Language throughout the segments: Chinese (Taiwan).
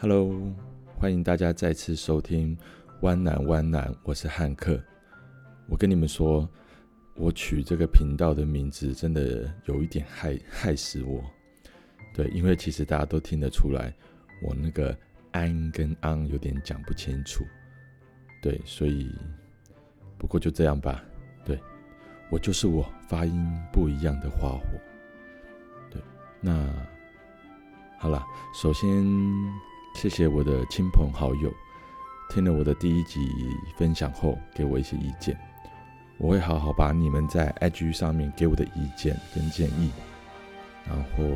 Hello，歡迎大家再次收聽《彎男彎男》，我是漢克。我跟你們說，我取這個頻道的名字真的有一點害害死我。對，因為其實大家都聽得出來，我那個“安”跟“安”有點講不清楚。對，所以不過就這樣吧。對，我就是我發音不一樣的花火。對，那好了，首先。謝謝我的親朋好友聽了我的第一集分享後給我一些意見，我會好好把你們在 IG 上面給我的意見跟建議，然後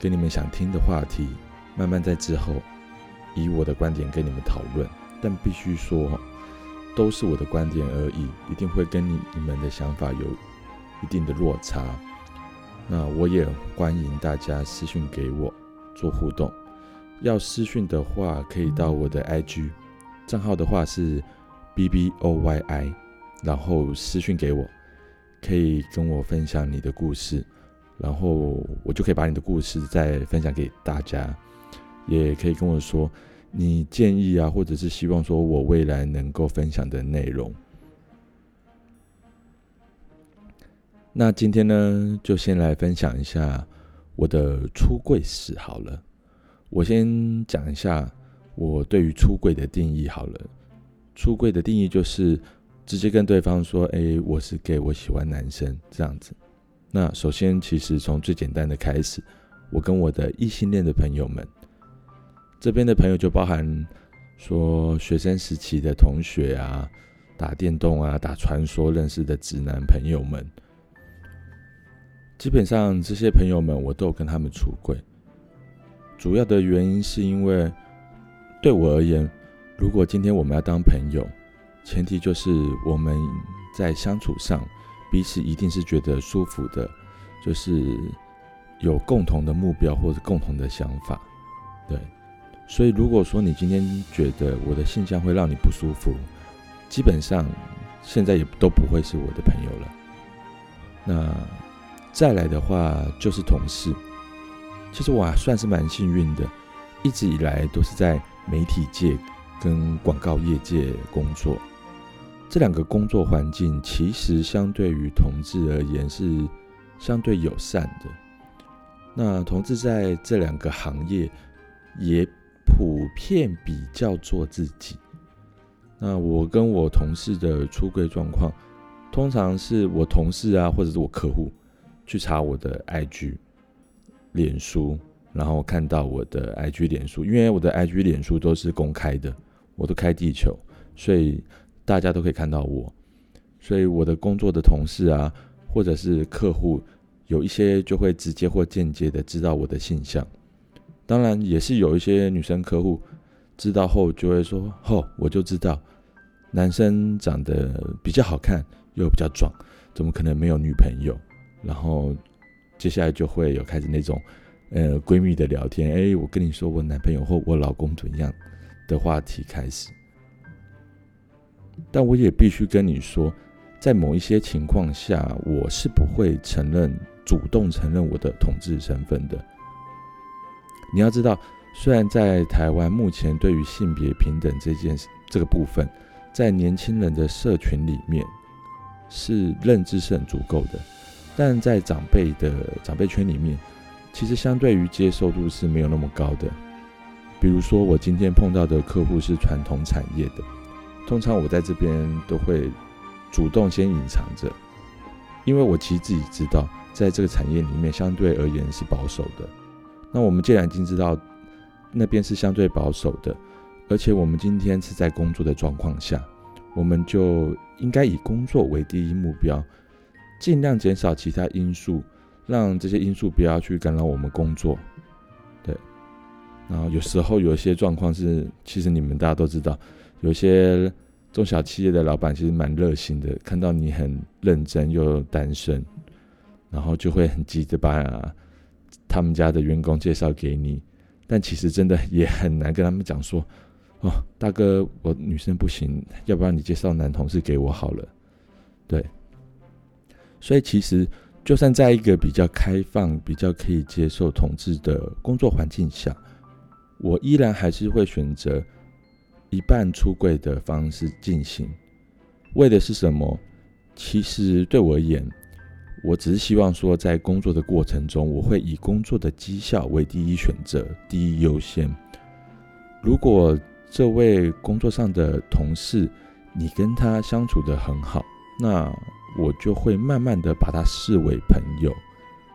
跟你們想聽的話題，慢慢在之後以我的觀點跟你們討論。但必須說，都是我的觀點而已，一定會跟你你們的想法有一定的落差。那我也歡迎大家私訊給我做互動。要私訊的話，可以到我的 IG 賬號的話是 bboyi，然後私訊給我，可以跟我分享你的故事，然後我就可以把你的故事再分享給大家，也可以跟我說你建議啊，或者是希望說我未來能夠分享的內容。那今天呢，就先來分享一下我的出櫃史好了。我先講一下我對於出櫃的定義好了。出櫃的定義就是直接跟對方說：“哎，我是 gay，我喜歡男生。”這樣子。那首先，其實從最簡單的開始，我跟我的異性戀的朋友們，這邊的朋友就包含說學生時期的同學啊，打電動啊，打傳說認識的直男朋友們。基本上這些朋友們，我都有跟他們出櫃。主要的原因是因為，對我而言，如果今天我們要當朋友，前提就是我們在相處上彼此一定是覺得舒服的，就是有共同的目標或者共同的想法。對，所以如果說你今天覺得我的性向會讓你不舒服，基本上現在也都不會是我的朋友了。那再來的話就是同事。其實我還算是蠻幸運的，一直以來都是在媒體界跟廣告業界工作。這兩個工作環境其實相對於同志而言是相對友善的。那同志在這兩個行業也普遍比較做自己。那我跟我同事的出櫃狀況，通常是我同事啊，或者是我客戶去查我的 IG。臉書，然後看到我的 IG 臉書，因為我的 IG 臉書都是公開的，我都開地球，所以大家都可以看到我，所以我的工作的同事啊，或者是客戶，有一些就會直接或間接的知道我的性向，當然也是有一些女生客戶知道後就會說，哦，我就知道，男生長得比較好看又比較壯，怎麼可能沒有女朋友？然後。接下來就會有開始那種，呃，閨蜜的聊天。哎、欸，我跟你說，我男朋友或我老公怎樣的話題開始。但我也必須跟你說，在某一些情況下，我是不會承認、主動承認我的同志身份的。你要知道，雖然在台灣目前對於性別平等這件事這個部分，在年輕人的社群裡面，是認知是很足夠的。但在長輩的長輩圈裡面，其實相對於接受度是沒有那麼高的。比如說，我今天碰到的客戶是傳統產業的，通常我在這邊都會主動先隱藏着，因為我其實自己知道，在這個產業裡面相對而言是保守的。那我們既然已經知道那邊是相對保守的，而且我們今天是在工作的狀況下，我們就應該以工作為第一目標。盡量減少其他因素，讓這些因素不要去干擾我們工作。對，然後有時候有些狀況是，其實你們大家都知道，有些中小企業的老板其實蠻熱心的，看到你很認真又單身，然後就會很急着把他們家的員工介紹給你。但其實真的也很難跟他們講說，哦，大哥，我女生不行，要不然你介紹男同事給我好了。對。所以，其實就算在一個比較開放、比較可以接受同志的工作環境下，我依然還是會選擇一半出櫃的方式進行。為的是什麼？其實對我而言，我只是希望說，在工作的過程中，我會以工作的績效為第一選擇、第一優先。如果這位工作上的同事，你跟他相處得很好，那。我就會慢慢的把他視為朋友，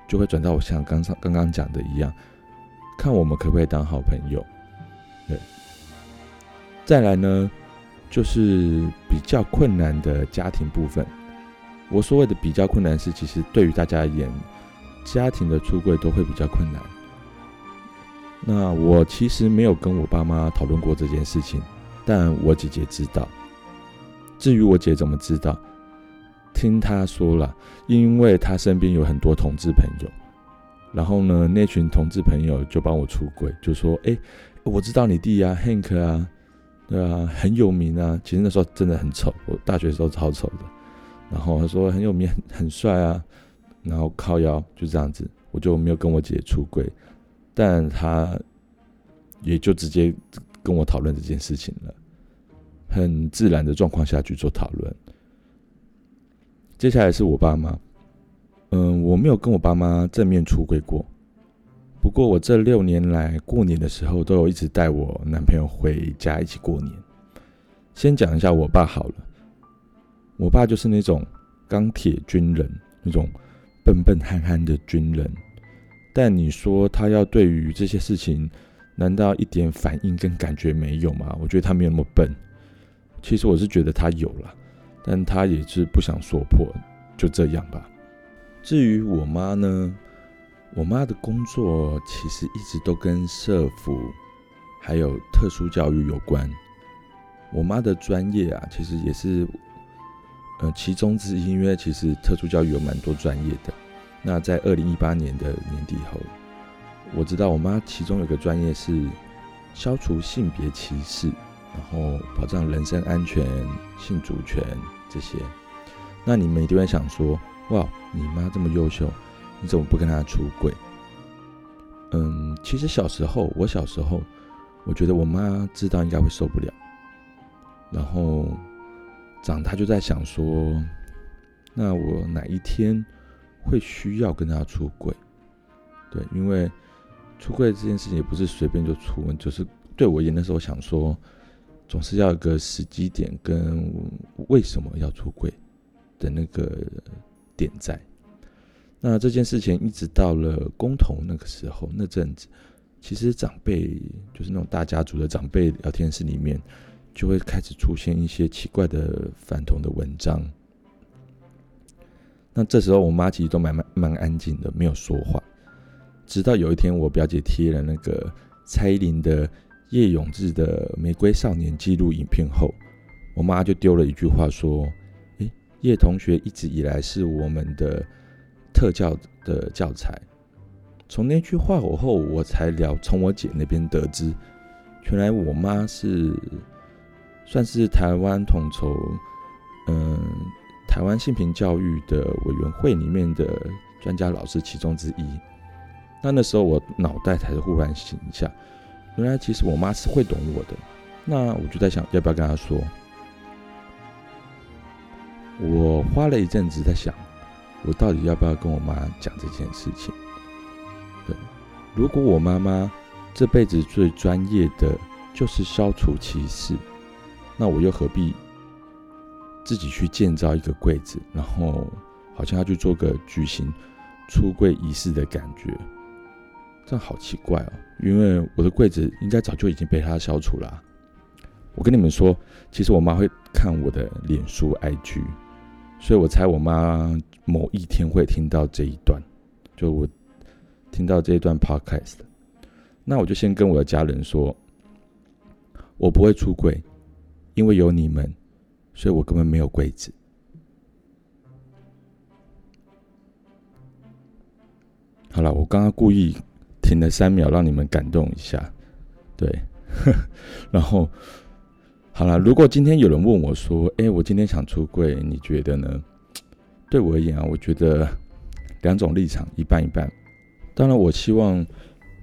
就會轉到我像剛上剛剛講的一樣，看我們可不可以當好朋友。對，再來呢，就是比較困難的家庭部分。我所謂的比較困難是，其實對於大家而言，家庭的出櫃都會比較困難。那我其實沒有跟我爸媽討論過這件事情，但我姐姐知道。至於我姐姐怎麼知道？聽他說了，因為他身邊有很多同志朋友，然後呢，那群同志朋友就幫我出櫃，就說：“哎，我知道你弟啊，Hank 啊，對啊，很有名啊。”其實那時候真的很醜，我大學時候超醜的。然後他說很有名，很帥啊，然後靠腰，就這樣子，我就沒有跟我姐出櫃，但他也就直接跟我討論這件事情了，很自然的狀況下去做討論。接下來是我爸媽，嗯，我沒有跟我爸媽正面出櫃過，不過我這六年來過年的時候都有一直帶我男朋友回家一起過年。先講一下我爸好了，我爸就是那種鋼鐵軍人，那種笨笨憨憨的軍人，但你說他要對於這些事情，難道一點反應跟感覺沒有嗎？我覺得他沒有那麼笨，其實我是覺得他有了。但他也是不想說破，就這樣吧。至於我媽呢，我媽的工作其實一直都跟社福還有特殊教育有關。我媽的專業啊，其實也是，呃，其中之一，因為其實特殊教育有蠻多專業的。那在二零一八年的年底後，我知道我媽其中有個專業是消除性別歧視。然後保障人身安全、性主權這些。那你們一定會想說，哇，你媽這麼優秀，你怎麼不跟她出櫃？嗯，其實小時候，我小時候，我覺得我媽知道應該會受不了。然後長大就在想說，那我哪一天會需要跟她出櫃？對，因為出櫃這件事情也不是隨便就出，就是對我而言的時候想說。總是要有個時機點跟為什麼要出櫃的那個點在。那這件事情一直到了公投那個時候那陣子，其實長輩就是那種大家族的長輩聊天室裡面，就會開始出現一些奇怪的反同的文章。那這時候我媽其實都蠻蠻蠻安靜的，沒有說話。直到有一天，我表姐貼了那個蔡依林的。葉永志的《玫瑰少年》紀錄影片後，我媽就丟了一句話說：“誒、欸，葉同學一直以來是我們的特教的教材。”從那句話後，我才了，從我姐那邊得知，原來我媽是算是台灣統籌，嗯，台灣性平教育的委員會裡面的專家老師其中之一。那那時候我腦袋才是忽然醒一下。原來其實我媽是會懂我的，那我就在想要不要跟她說。我花了一陣子在想，我到底要不要跟我媽講這件事情。對，如果我媽媽這輩子最專業的就是消除歧視，那我又何必自己去建造一個櫃子，然後好像要去做個舉行出櫃儀式的感覺？這樣好奇怪哦，因為我的櫃子應該早就已經被他消除了啊。我跟你們說，其實我媽會看我的臉書 IG，所以我猜我媽某一天會聽到這一段，就我聽到這一段 podcast。那我就先跟我的家人說，我不會出櫃，因為有你們，所以我根本沒有櫃子。好了，我剛剛故意。停了三秒，讓你們感動一下，對。 然後，好了，如果今天有人問我說：“哎、欸，我今天想出櫃，你覺得呢？”對我而言啊，我覺得兩種立場一半一半。當然，我希望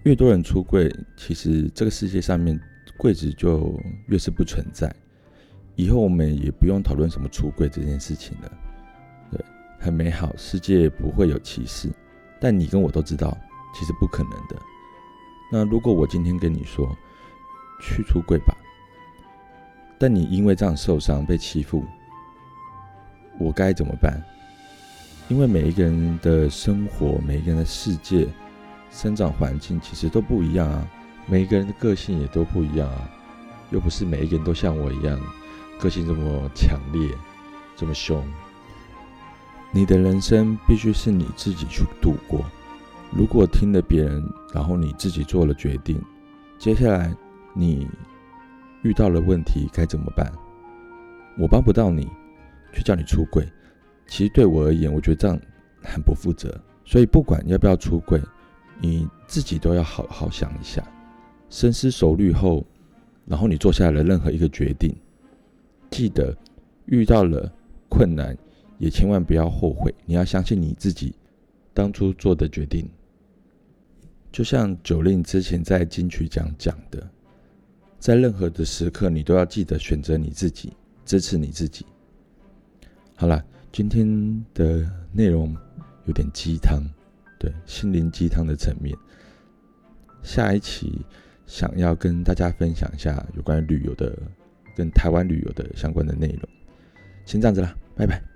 越多人出櫃，其實這個世界上面櫃子就越是不存在。以後我們也不用討論什麼出櫃這件事情了。對，很美好，世界不會有歧視。但你跟我都知道。其實不可能的。那如果我今天跟你說，去出櫃吧，但你因為這樣受傷被欺負，我該怎麼辦？因為每一個人的生活、每一個人的世界、生長環境其實都不一樣啊，每一個人的個性也都不一樣啊，又不是每一個人都像我一樣，個性這麼強烈、這麼兇。你的人生必須是你自己去度過。如果聽了別人，然後你自己做了決定，接下來你遇到了問題該怎麼辦？我幫不到你，卻叫你出櫃。其實對我而言，我覺得這樣很不負責。所以不管要不要出櫃，你自己都要好好想一下，深思熟慮後，然後你做下了任何一個決定，記得遇到了困難，也千萬不要後悔。你要相信你自己當初做的決定。就像 Jolin 之前在金曲獎講，講的，在任何的時刻，你都要記得選擇你自己，支持你自己。好了，今天的內容有點雞湯，對，心靈雞湯的層面。下一期想要跟大家分享一下有關旅遊的，跟台灣旅遊的相關的內容。先這樣子啦，拜拜。